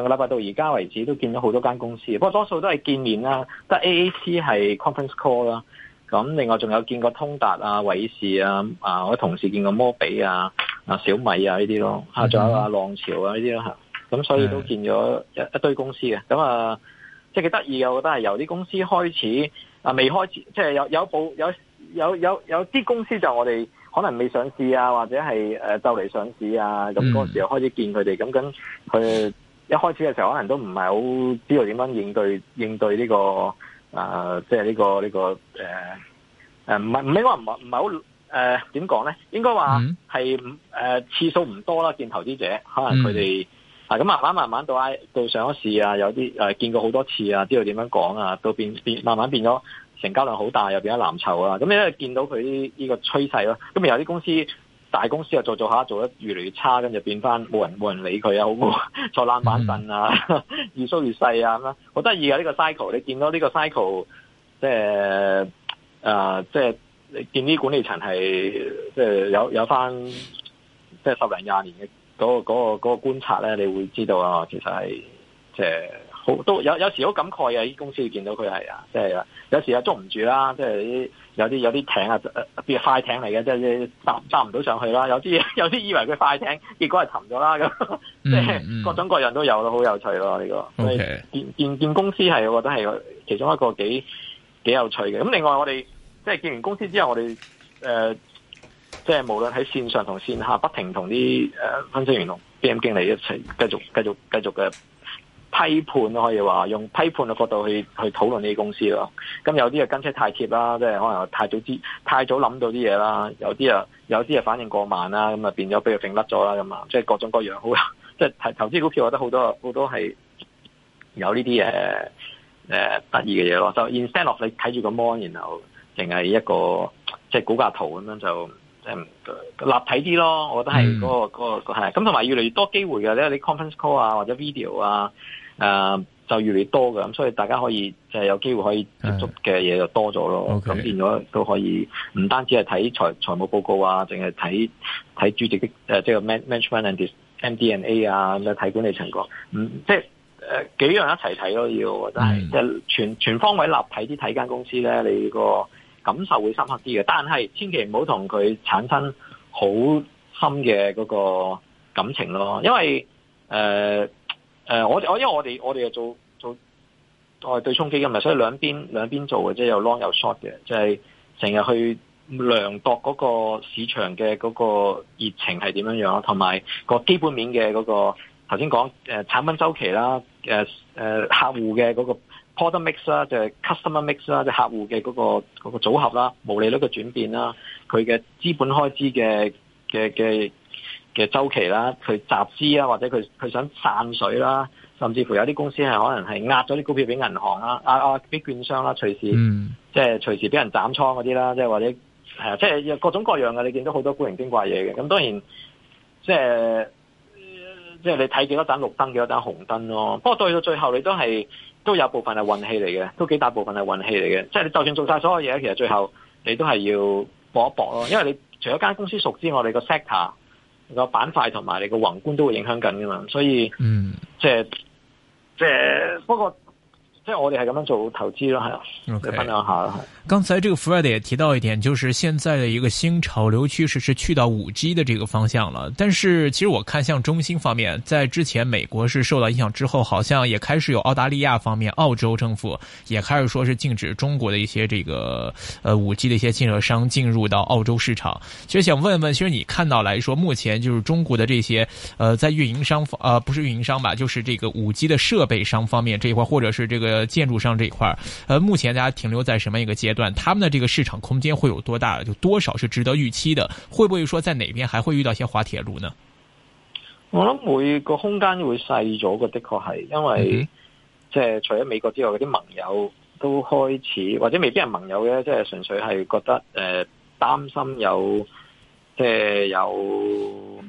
上個禮拜到而家為止都見到好多間公司，不過多數都係見面啦，得 A A C 係 conference call 啦。咁另外仲有見過通達啊、偉士啊、啊我啲同事見過摩比啊、啊小米啊呢啲咯，仲、嗯、有啊浪潮啊呢啲咯嚇。咁所以都見咗一堆公司嘅。咁啊，即係幾得意嘅，我覺得係由啲公司開始啊，未開始，即係有有部有有有有啲公司就我哋可能未上市啊，或者係誒就嚟上市啊，咁、那、嗰、個、時候又開始見佢哋，咁跟去。一開始嘅時候可能都唔係好知道點樣應對應對、呃、點樣講呢個啊，即係呢個呢個誒誒，唔係唔應該唔係唔係好誒點講咧？應該話係誒次數唔多啦，見投資者，可能佢哋、嗯、啊咁慢慢慢慢到到上咗市啊，有啲誒見過好多次啊，知道點樣講啊，到變變,變慢慢變咗成交量好大又變咗藍籌啊，咁你咧見到佢呢呢個趨勢咯，咁、啊、咪有啲公司。大公司又做做下，做得越嚟越差，跟住變翻冇人冇人理佢啊，好，好坐冷板凳啊，mm -hmm. 越縮越細啊咁樣好得意啊呢個 cycle！你見到呢個 cycle，即係誒、呃、即係你見啲管理層係即係有有翻，即係十零廿年嘅嗰、那個嗰、那個嗰、嗰個觀察咧，你會知道啊，其實係即係。好都有有時好感慨嘅，啲公司見到佢係啊，即係啊，有時又捉唔住啦，即係啲有啲有啲艇啊，誒、呃，譬如快艇嚟嘅，即係搭搭唔到上去啦。有啲有啲以為佢快艇，結果係沉咗啦咁，即係、嗯 即係、各種各樣都有咯，好有趣咯。呢個我、okay. 見見，見公司係，我覺得係其中一個幾幾有趣嘅。咁另外我哋即係見完公司之後，我哋即係無論喺線上同線下，不停同啲誒分析員同 BM 經理一齊繼續繼續繼續嘅。批判咯，可以話用批判嘅角度去去討論呢啲公司咯。咁有啲啊跟車太貼啦，即係可能太早知太早諗到啲嘢啦。有啲啊有啲啊反應過慢啦，咁啊變咗俾佢甩甩咗啦咁啊。即係各種各樣好，即係投投資股票我覺得好多好多係有呢啲誒誒得意嘅嘢咯。就 instead of 你睇住個 mon，然後淨係一個即係股價圖咁樣就即係立體啲咯。我覺得係嗰、嗯嗰個嗰個係。咁同埋越嚟越多機會㗎，你你 conference call 啊或者 video 啊。誒、呃、就越嚟越多嘅，咁所以大家可以就係、是、有機會可以接觸嘅嘢就多咗咯。咁、okay, 變咗都可以唔單止係睇財財務報告啊，淨係睇睇主席的誒，即、呃、係、就是、management and MD&A 啊，咁樣睇管理成果，嗯，即係誒、呃、幾樣一齊睇咯要，但係即係全全方位立體啲睇間公司咧，你個感受會深刻啲嘅。但係千祈唔好同佢產生好深嘅嗰個感情咯，因為誒。呃誒、呃、我我因為我哋我哋又做做我對沖基金啊，所以兩邊兩邊做嘅即係有 long 有 short 嘅，就係成日去量度嗰個市場嘅嗰個熱情係點樣樣同埋個基本面嘅嗰、那個頭先講產品周期啦，誒、呃、客戶嘅嗰個 product mix 啦，就係、是、customer mix 啦，即、就、係、是、客戶嘅嗰、那個那個組合啦，毛利率嘅轉變啦，佢嘅資本開支嘅嘅嘅。嘅周期啦，佢集資啦，或者佢佢想散水啦，甚至乎有啲公司係可能係壓咗啲股票俾銀行啦，啊啊俾券商啦，隨時、mm. 即係隨時俾人斬倉嗰啲啦，即係或者啊，即係各種各樣嘅，你見到好多古靈精怪嘢嘅。咁當然即係即係你睇幾多盞綠燈，幾多盞紅燈咯、喔。不過到去到最後，你都係都有部分係運氣嚟嘅，都幾大部分係運氣嚟嘅。即係你就算做晒所有嘢，其實最後你都係要搏一搏咯。因為你除咗間公司熟之外，你個 sector。個板塊同埋你個宏觀都會影響緊噶嘛，所以，嗯，即係即係，不過。即係我哋係咁樣做投資咯，係，嗯。分享下剛才這個 Fred 也提到一點，就是現在的一個新潮流趨勢是去到五 G 的這個方向了。但是其實我看向中興方面，在之前美國是受到影響之後，好像也開始有澳大利亞方面、澳洲政府也開始說是禁止中國的一些這個，呃，五 G 的一些進入商進入到澳洲市場。其實想問問，其實你看到來說，目前就是中國的這些，呃，在運營商，呃，不是運營商吧，就是這個五 G 的設備商方面這一塊，或者是這個。建築商這一塊兒，呃，目前大家停留在什麼一個階段？他們的這個市場空間會有多大？就多少是值得預期的？會不會說在哪邊還會遇到一些滑鐵盧呢？我諗每個空間會細咗，的確係，因為即係，嗯就是，除咗美國之外，嗰啲盟友都開始，或者未必係盟友嘅，即，就，係，是，純粹係覺得，誒，呃，擔心有，即係有，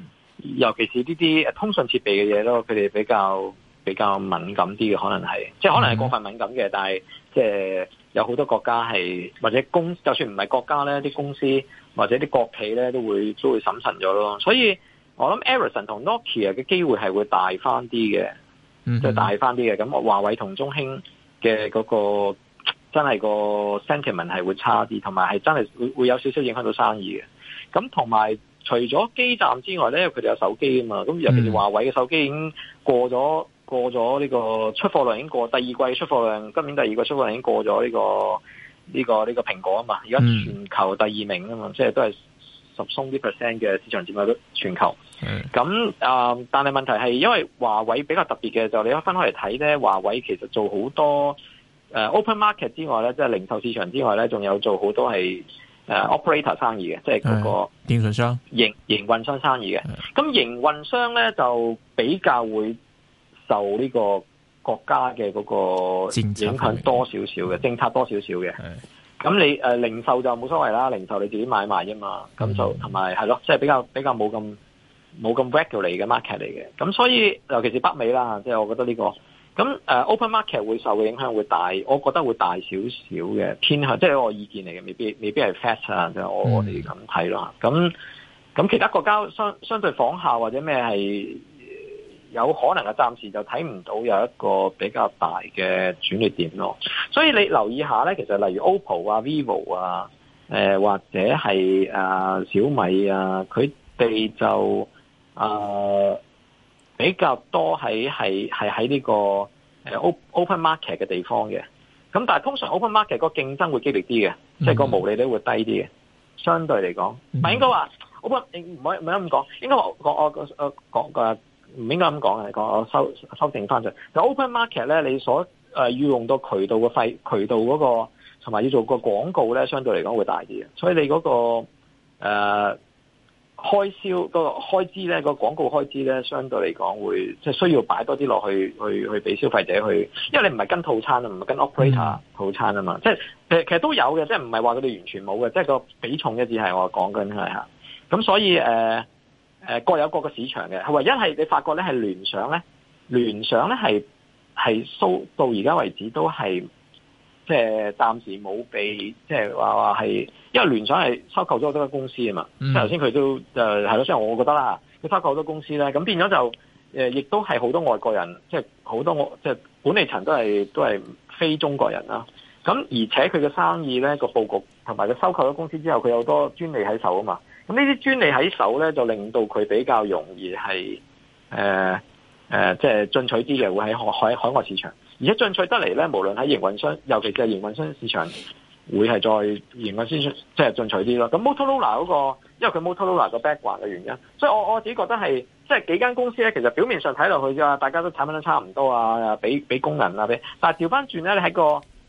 尤其是呢啲通訊設備嘅嘢咯，佢哋比較。比較敏感啲嘅可能係，即係可能係過分敏感嘅，但係即係有好多國家係或者公，就算唔係國家咧，啲公司或者啲國企咧都會都會審慎咗咯。所以我諗 Ericsson 同 Nokia 嘅機會係會大翻啲嘅，即、嗯、係、即係、大翻啲嘅。咁華為同中興嘅嗰、嗰個真係個 sentiment 係會差啲，同埋係真係會會有少少影響到生意嘅。咁同埋除咗基站之外咧，佢哋有手機啊嘛，咁尤其是華為嘅手機已經過咗。過咗呢個出貨量已經過第二季出貨量，今年第二季出貨量已經過咗呢、這個呢、這個呢、這個蘋果啊嘛，而家全球第二名啊嘛、嗯，即係都係十鬆啲 percent 嘅市場佔有率全球。咁啊、嗯，但係問題係因為華為比較特別嘅就你一分開嚟睇咧，華為其實做好多誒、呃、open market 之外咧，即係零售市場之外咧，仲有做好多係誒 operator 生意嘅，即係嗰個營電信商營營運商生意嘅。咁營運商咧就比較會。受呢個國家嘅嗰個影響多少少嘅政策多少少嘅，咁、嗯、你、呃、零售就冇所謂啦，零售你自己買賣啫嘛，咁就同埋係咯，即、嗯、係、就是、比較比較冇咁冇咁 regular 嘅 market 嚟嘅，咁所以尤其是北美啦，即、就、係、是、我覺得呢、這個，咁、呃、open market 會受嘅影響會大，我覺得會大少少嘅偏向，即、就、係、是、我意見嚟嘅，未必未必係 fact 啊，就是、我我哋咁睇咯，咁、嗯、咁其他國家相相對仿效或者咩係？有可能啊，暫時就睇唔到有一個比較大嘅轉捩點咯。所以你留意一下咧，其實例如 OPPO 啊、VIVO 啊，呃、或者係、呃、小米啊，佢哋就誒、呃、比較多喺係係喺呢個 open market 嘅地方嘅。咁但係通常 open market 個競爭會激烈啲嘅，即係，mm-hmm. 個毛利率會低啲嘅，相對嚟講。唔係，mm-hmm. 應該話 open？唔可以唔可以咁講。應該話我我我講嘅。我我唔應該咁講嘅，你講我修修正翻就。open market 咧，你所誒、呃、要用到渠道嘅費、渠道嗰個同埋要做個廣告咧，相對嚟講會大啲嘅。所以你嗰個誒、呃、開銷、嗰個開支咧，個廣告開支咧，相對嚟講會即係需要擺多啲落去，去去俾消費者去。因為你唔係跟套餐啊，唔係跟 operator 套餐啊嘛。即、嗯、係其實其實都有嘅，即係唔係話佢哋完全冇嘅。即係個比重一啲係我講緊佢嚇。咁所以誒。呃誒各有各嘅市場嘅，唯一係你發覺咧係聯想咧，聯想咧係係收到而家為止都係即係暫時冇畀即係話話係，因為聯想係收購咗好多公司啊嘛。頭先佢都誒係咯，即係我覺得啦，佢收購好多公司咧，咁變咗就誒，亦都係好多外國人，即係好多即係管理層都係都係非中國人啦。咁而且佢嘅生意咧個佈局同埋佢收購咗公司之後，佢有好多專利喺手啊嘛。咁呢啲專利喺手咧，就令到佢比較容易係誒誒，即、呃、係、呃就係、進取啲嘅，會喺海海海外市場。而家進取得嚟咧，無論喺營運商，尤其是係營運商市場，會係再營運先即係進取啲咯。咁 Motorola 嗰、嗰個，因為佢 Motorola 個 background 嘅原因，所以我我自己覺得係即係幾間公司咧，其實表面上睇落去啫，大家都產品都差唔多啊，俾俾功能啊，俾，但係調翻轉咧，你喺喺個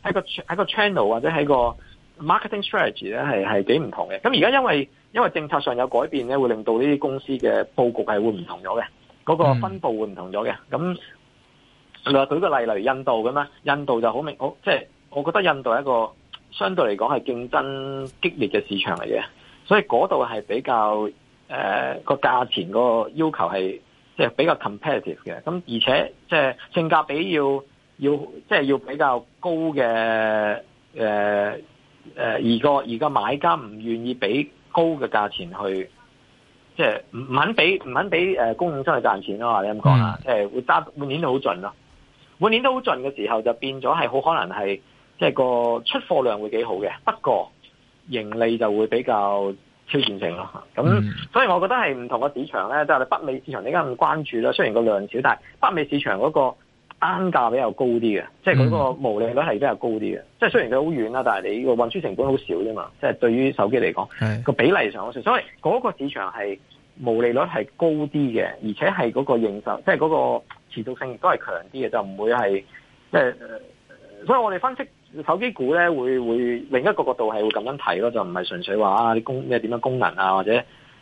喺個喺個 channel 或者喺個。Marketing strategy 咧係係幾唔同嘅，咁而家因為因為政策上有改變咧，會令到呢啲公司嘅佈局係會唔同咗嘅，嗰個分佈會唔同咗嘅。咁，例如話舉個例嚟，印度咁嘛，印度就好明好，即係我覺得印度係一個相對嚟講係競爭激烈嘅市場嚟嘅，所以嗰度係比較誒個、呃、價錢個要求係即係比較 competitive 嘅，咁而且即係性價比要要即係要比較高嘅誒。呃誒、呃，而個而個買家唔願意俾高嘅價錢去，即係唔肯俾唔肯俾誒，供應商去賺錢咯。你咁講啦，即係會揸每年都好盡咯，每年都好盡嘅時候就變咗係好可能係即係個出貨量會幾好嘅，不過盈利就會比較挑戰性咯。咁、嗯、所以我覺得係唔同嘅市場咧，即、就、係、是、北美市場依家咁關注啦。雖然個量少，但係北美市場嗰、那個。單價比較高啲嘅，即係嗰個毛利率係比較高啲嘅，即、嗯、係雖然佢好遠啦，但係你個運輸成本好少啫嘛，即、就、係、是、對於手機嚟講，個比例上好少，所以嗰個市場係毛利率係高啲嘅，而且係嗰個認受，即係嗰個持續性亦都係強啲嘅，就唔會係即係，所以我哋分析手機股咧，會會另一個角度係會咁樣睇咯，就唔係純粹話啊啲功咩點樣功能啊或者。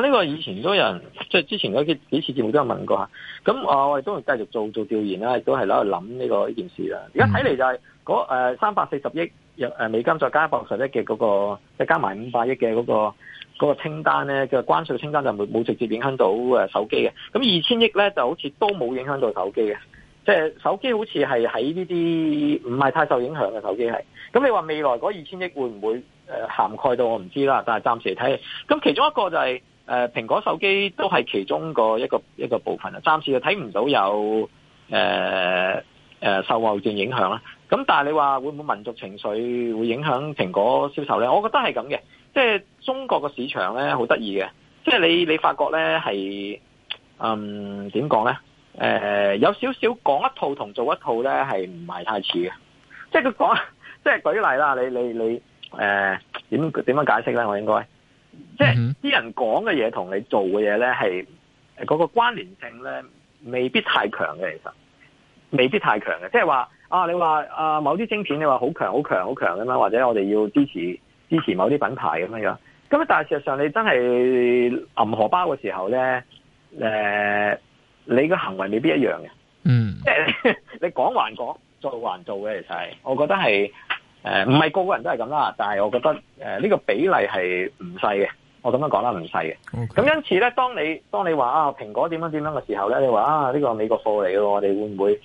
呢個以前都有人，即係之前嗰幾次節目都有問過嚇。咁我我哋都會繼續做做調研啦，亦都係攞度諗呢個呢件事啦。而家睇嚟就係嗰三百四十億誒美金再加百六十億嘅嗰個，即係加埋五百億嘅嗰個嗰、嗰個清單咧，嘅關稅清單就冇直接影響到誒手機嘅。咁二千億咧就好似都冇影響到手機嘅，即係手機好似係喺呢啲唔係太受影響嘅手機係。咁你話未來嗰二千億會唔會誒涵蓋到我唔知啦，但係暫時睇。咁其中一個就係。誒、呃，蘋果手機都係其中個一個一個，一個部分暫暫時就睇唔到有誒誒受貿易戰影響啦。咁但係你話會唔會民族情緒會影響蘋果銷售咧？我覺得係咁嘅，即係中國個市場咧好得意嘅，即係你你發覺咧係，嗯點講咧？誒、呃、有少少講一套同做一套咧，係唔係太似嘅？即係佢講，即係舉例啦，你你你誒點點樣解釋咧？我應該。即係啲人講嘅嘢同你做嘅嘢咧，係嗰個關聯性咧未必太強嘅，其實未必太強嘅。即係話啊，你話啊某啲晶片你話好強好強好強咁樣，或者我哋要支持支持某啲品牌咁樣樣。咁啊，但係事實上你真係銀荷包嘅時候咧，誒、呃，你嘅行為未必一樣嘅。嗯，即係你講還講，做還做嘅，其實係，我覺得係。誒、呃，唔係個個人都係咁啦，但係我覺得誒呢個比例係唔細嘅，我咁樣講啦，唔細嘅。咁、okay. 因此咧，當你當你話啊蘋果點樣點樣嘅時候咧，你話啊呢個美國貨嚟嘅，我哋會唔會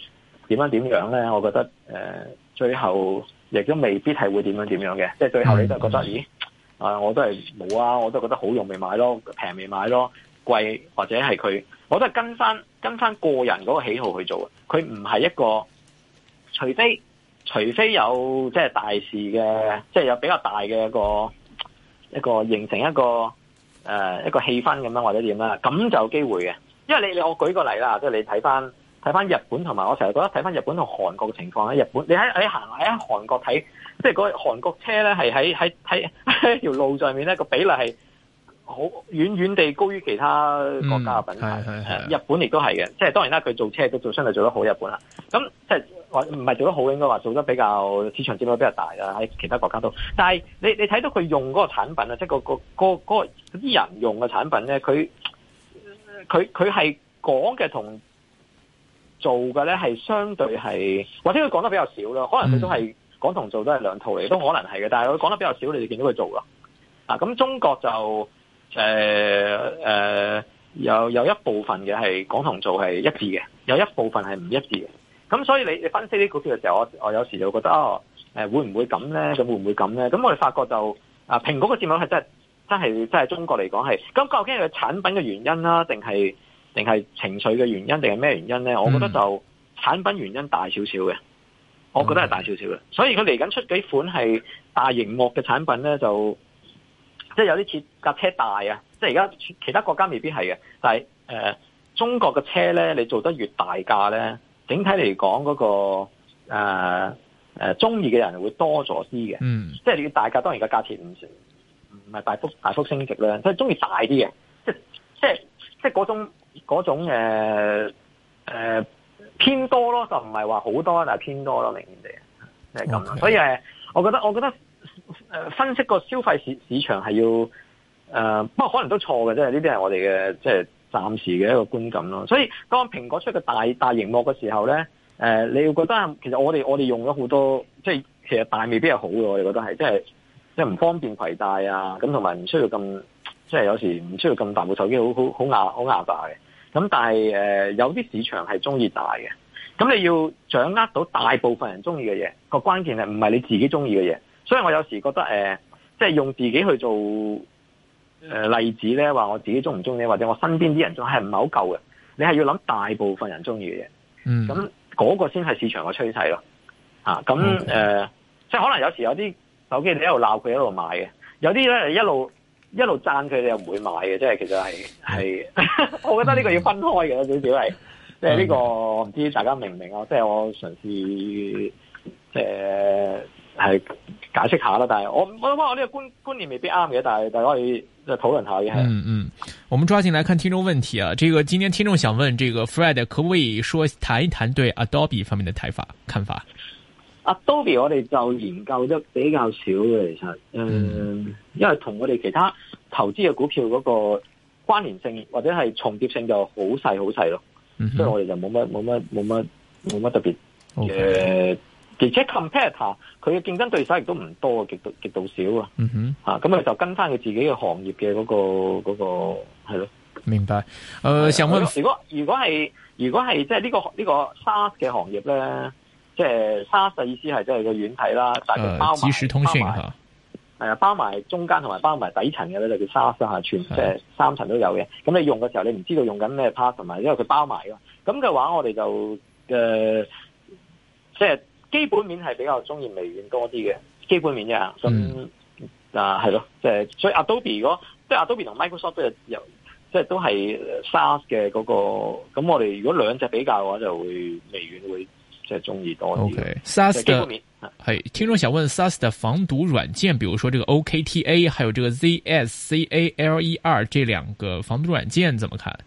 點樣點樣咧？我覺得誒、呃，最後亦都未必係會點樣點樣嘅。即係、mm-hmm，最後你就覺得，咦，啊，我都係冇啊，我都覺得好用未買咯，平未買咯，貴或者係佢，我都係跟翻跟翻個人嗰個喜好去做嘅。佢唔係一個隨機。除非有即係大事嘅，即係有比較大嘅一個一個形成一個誒、呃、一個氣氛咁樣或者點樣啦，咁就有機會嘅。因為你你我舉個例啦，即、就、係、是、你睇翻，睇翻日本同埋我成日覺得睇翻日本同韓國嘅情況咧，日本你喺你行喺韓國睇，即係嗰韓國車咧係喺喺喺條路上面咧，個比例係好遠遠地高於其他國家嘅品牌。係、嗯、係日本亦都係嘅，即係當然啦，佢做車都做，相對做得好日本啦。咁即係。唔係做得好，應該話做得比較市場佔有比較大啦，喺其他國家都。但係你你睇到佢用嗰個產品啊，即係個個個個嗰啲人用嘅產品咧，佢佢佢係講嘅同做嘅咧，係相對係或者佢講得比較少啦。可能佢都係講同做都係兩套嚟，都可能係嘅。但係佢講得比較少，你哋見到佢做咯。啊，咁中國就誒誒有有一部分嘅係講同做係一致嘅，有一部分係唔一致嘅。咁所以你你分析啲股票嘅時候，我我有時就會覺得哦，誒，會唔會咁咧？會唔會咁咧？咁會會我哋發覺就啊，蘋果個節目係真係真係真係中國嚟講係。咁究竟係產品嘅原因啦，啊，定係定係情緒嘅原因，定係咩原因咧？我覺得就，嗯，產品原因大少少嘅，我覺得係大少少嘅。所以佢嚟緊出幾款係大熒幕嘅產品咧，就即係有啲似架車大啊！即係而家其他國家未必係嘅，但係誒，呃，中國嘅車咧，你做得越大架咧。整體嚟講，嗰、嗰個誒誒，中意嘅人會多咗啲嘅，即係你大價，當然個價錢唔少，唔係大幅大幅升值啦。都係中意大啲嘅，即係即即嗰種嗰種誒誒、呃呃、偏多咯，就唔係話好多，但係偏多咯，明顯地係咁。就是 okay. 所以誒，我覺得我覺得誒，分析個消費市市場係要誒、呃，不過可能都錯嘅，即係呢啲係我哋嘅即係。暫時嘅一個觀感咯，所以當蘋果出個大大螢幕嘅時候咧，誒、呃、你會覺得，其實我哋我哋用咗好多，即係其實大未必係好嘅，我哋覺得係，即係即係唔方便攜帶啊，咁同埋唔需要咁，即係有時唔需要咁大部手機好好好惡好惡揸嘅。咁但係誒、呃、有啲市場係鍾意大嘅，咁你要掌握到大部分人鍾意嘅嘢，個關鍵係唔係你自己鍾意嘅嘢，所以我有時覺得誒、呃，即係用自己去做。例子咧話我自己鍾唔鍾意，或者我身邊啲人鍾係唔係好夠嘅？你係要諗大部分人鍾意嘅嘢，嗯，咁、那、嗰個先係市場嘅趨勢咯。嚇、啊，咁誒、呃嗯，即係可能有時有啲手機你一路鬧佢一路買嘅，有啲咧一路一路讚佢你又唔會買嘅，即係其實係係，嗯、 我覺得呢個要分開嘅、嗯、有少少係，即係呢、這個唔知大家明唔明啊？即係我嘗試誒。呃係解釋下啦，但係我我諗我呢個觀觀念未必啱嘅，但係大家可以再討論下嘅。嗯嗯，我們抓緊來看聽眾問題啊！這個今天聽眾想問，這個 Fred 可唔可以說談一談對 Adobe 方面嘅睇法、看法？Adobe 我哋就研究得比較少嘅，其實，嗯，嗯因為同我哋其他投資嘅股票嗰個關聯性或者係重疊性就好細好細咯，嗯，所以我哋就冇乜冇乜冇乜冇乜特別嘅。Okay. 而且 competitor 佢嘅競爭對手亦都唔多，極度極度少，嗯、哼啊！咁啊，就跟翻佢自己嘅行業嘅嗰、嗰個嗰、嗰個係咯。明白。誒、呃，成日如果如果係如果係即係呢個呢、呢個 SaaS 嘅行業咧，即係 SaaS 嘅意思係即係個軟體啦，但包括、呃、包埋，係啊，包埋中間同埋包埋底層嘅咧，就叫 SaaS。係啊，全即係三層都有嘅。咁你用嘅時候，你唔知道用緊咩 part 同埋，因為佢包埋嘅。咁嘅話我就，我、呃、哋就誒即係。基本面，係比較中意微軟多啲嘅基本面啫，咁、嗯、啊，係咯，即、就、係、是、所以 Adobe 如果即係、就是、Adobe 同 Microsoft 都是有，即、就、係、是、都係 SaaS 嘅、那個，咁我哋如果兩隻比較嘅話，就會微軟會即係中意多啲。OK，SaaS、嗯、嘅、就是、基本面。聽眾想問 SaaS 嘅防毒軟件，比如說這個 OKTA，還有這個 ZSCALER 這兩個防毒軟件，怎麼看？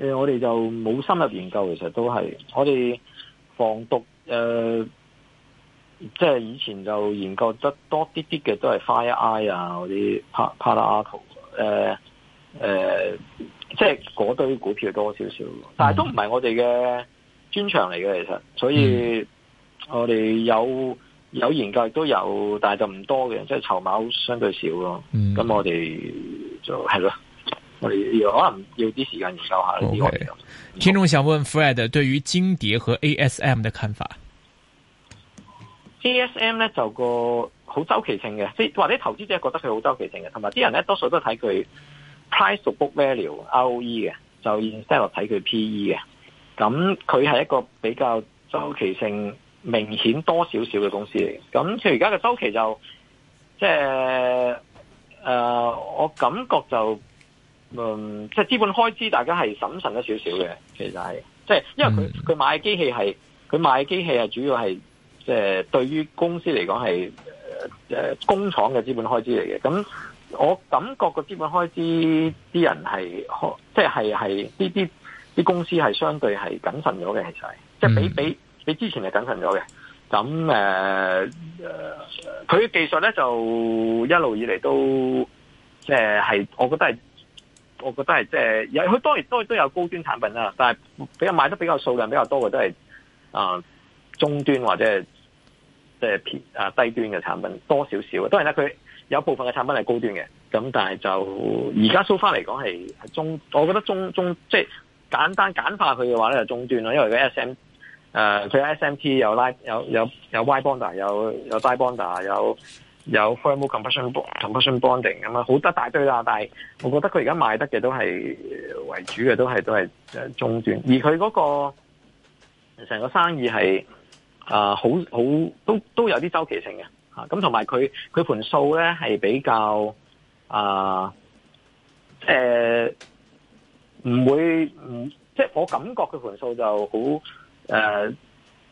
誒、呃，我哋就冇深入研究，其實都係我哋防毒。誒、呃，即係以前就研究得多啲啲嘅，都係 Fire Eye 啊啲，Palo Alto，誒誒，即係嗰堆股票多少少，但係都唔係我哋嘅專長嚟嘅，其實，所以我哋有有研究亦都有，但係就唔多嘅，即係籌碼相對少咯。咁我哋就係咯。是我哋可能要啲時間研究下呢啲嘢。聽眾想問 Fred 對於金蝶和 ASM 的看法。ASM 咧就個好周期性嘅，即係或者投資者覺得佢好周期性嘅，同埋啲人咧多數都睇佢 price to book value ROE 嘅，就 instead 睇佢 PE 嘅。咁佢係一個比較周期性明顯多少少嘅公司嚟嘅。咁佢而家嘅周期就即係誒，我感覺就。嗯，即係資本開支，大家係審慎咗少少嘅。其實係，即係因為佢佢買嘅機器係，佢買嘅機器係，主要係即係對於公司嚟講係誒工廠嘅資本開支嚟嘅。咁我感覺個資本開支啲人係，即係係呢啲啲公司係相對係謹慎咗嘅。其實，即係比、嗯、比比之前係謹慎咗嘅。咁誒，佢、呃呃、技術咧就一路以嚟都即係係，我覺得係。我覺得係即係有，佢當然都都有高端產品啦，但係比較賣得比較數量比較多嘅都係啊、呃、中端或者即係啊低端嘅產品多少少，當然啦佢有部分嘅產品係高端嘅，咁但係就而家 so far 嚟講係中，我覺得中中即係、就是、簡單簡化佢嘅話咧就是中端咯，因為佢 S M 誒、呃、佢 S M T 有拉有有有 wire bonder 有 die bonder 有。有有有有 thermal compression bonding 咁啊，好得大堆啦。但係，我覺得佢而家賣得嘅都係為主嘅，都係都係中段。而佢嗰個成個生意係啊、呃，好好都都有啲周期性嘅吓，咁同埋佢佢盤數咧係比較啊，誒、呃、唔會唔即係我感覺佢盤數就好誒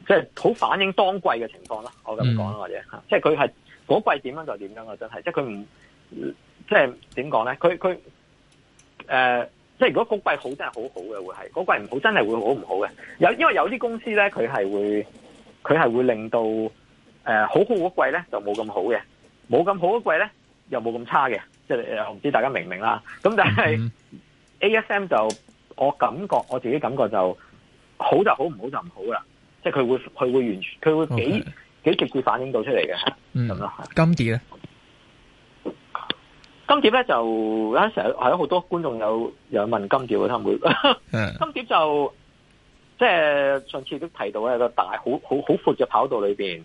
即係好反映當季嘅情況啦。我咁講啦，或者吓即係佢係。嗰季點樣就點樣咯，真係，即係佢唔，即係點講咧？佢佢誒，即係如果嗰季好，真係好好嘅會係；嗰季唔好，真係會好唔好嘅。有因為有啲公司咧，佢係會佢係會令到誒、呃、好好嗰季咧就冇咁好嘅，冇咁好嗰季咧又冇咁差嘅，即係誒，我唔知大家明唔明啦。咁但係，ASM 就我感覺，我自己感覺就好就好，唔好就唔好啦。即係佢會佢會完全佢會幾。Okay. 幾直接反映到出嚟嘅，咁、嗯、咯。金碟呢，金碟呢就有一時係好多觀眾有有問金碟嘅，他們會，金碟就即係、就是、上次都提到咧，個大好好好闊嘅跑道裏邊，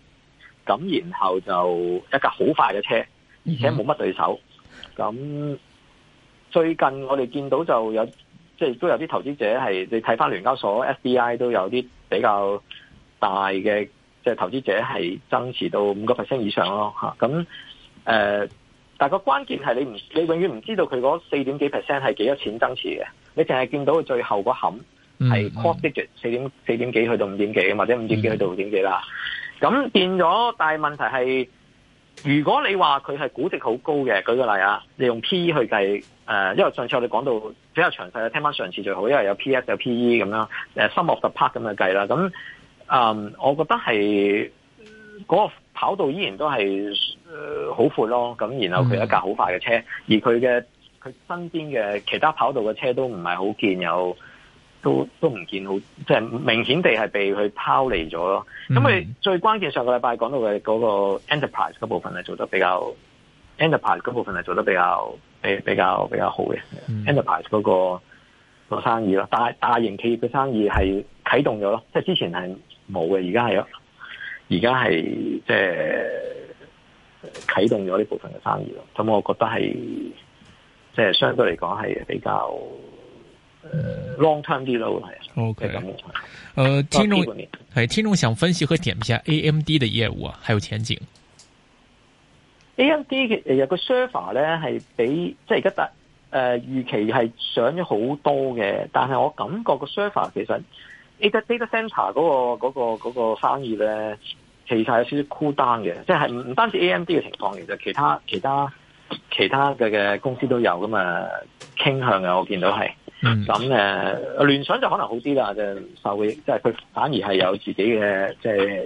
咁然後就一架好快嘅車，而且冇乜對手。咁、嗯、最近我哋見到就有即係、就是、都有啲投資者係，你睇返聯交所 FDI 都有啲比較大嘅。即係投資者係增持到五個 percent 以上咯嚇，咁誒、呃，但係個關鍵係你唔，你永遠唔知道佢嗰四點幾 percent 係幾多，多錢增持嘅，你淨係見到最後個冚係 core digit 四點四、mm -hmm. 點幾去到五點幾，或者五點幾去到五點幾啦。咁、mm -hmm. 變咗，但係問題係，如果你話佢係估值好高嘅，舉個例啊，你用 PE 去計、呃、因為上次我哋講到比較詳細，聽翻上次最好，因為有 PS 有 PE 咁啦，誒 some of the part 咁去計啦，咁。嗯、um，我覺得係嗰、那個跑道依然都係好闊咯，咁然後佢一架好快嘅車，嗯、而佢嘅佢身邊嘅其他跑道嘅車都唔係好見有，都都唔見好，即係、就是、明顯地係被佢拋離咗咯。咁、嗯、佢最關鍵上個禮拜講到嘅嗰、那個 Enterprise 嗰部分係做得比較 Enterprise 嗰部分係做得比較比比較比較好嘅、嗯、Enterprise 嗰、那個、那個生意咯，大大型企業嘅生意係啟動咗咯，即係之前係。冇嘅，而家係咯，而家係即係啟動咗呢部分嘅生意咯。咁我覺得係即係相對嚟講係比較 long time 啲咯，係、嗯、啊。OK，、呃、咁樣。誒、呃，聽眾係聽眾想分析和點評下 AMD 的業務啊，還有前景。AMD 嘅誒有個 server 咧係比即係而家大誒預期係上咗好多嘅，但係我感覺個 server 其實。data data center 嗰、嗰個、嗰個、嗰個生意咧，其實有少少枯單嘅，即係唔唔單止 AMD 嘅情況，其實其他其他其他嘅嘅公司都有咁啊傾向嘅，我見到係。咁、嗯、誒，聯、啊、想就可能好啲啦，就是、受會即係佢反而係有自己嘅即係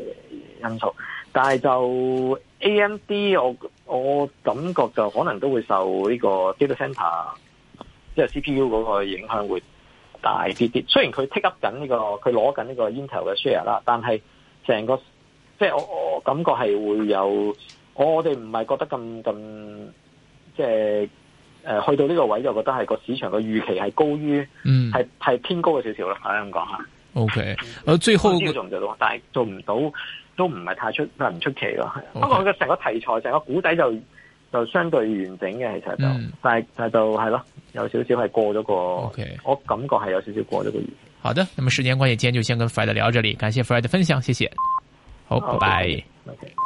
因素，但係就 AMD，我我感覺就可能都會受呢個 data center 即係 CPU 嗰個影響會。大啲啲，雖然佢 take up 緊呢個，佢攞緊呢個 Intel 嘅 share 啦，但係成個即係我我感覺係會有，我我哋唔係覺得咁咁，即係誒、呃、去到呢個位就覺得係個市場嘅預期係高於，係、嗯、係偏高嘅少少啦，咁講下。OK，我最好做唔做到，但係做唔到都唔係太出，唔出奇咯。不過佢嘅成個題材，成個古仔就。就相對完整嘅，其實就是嗯，但係但係就係咯，有少少係過咗個，okay。我感覺係有少少過咗個月。好的，那麼時間關係，今天就先跟 Fred 聊這裏，感謝 Fred 嘅分享，謝謝，好，拜，oh，拜。Okay, okay.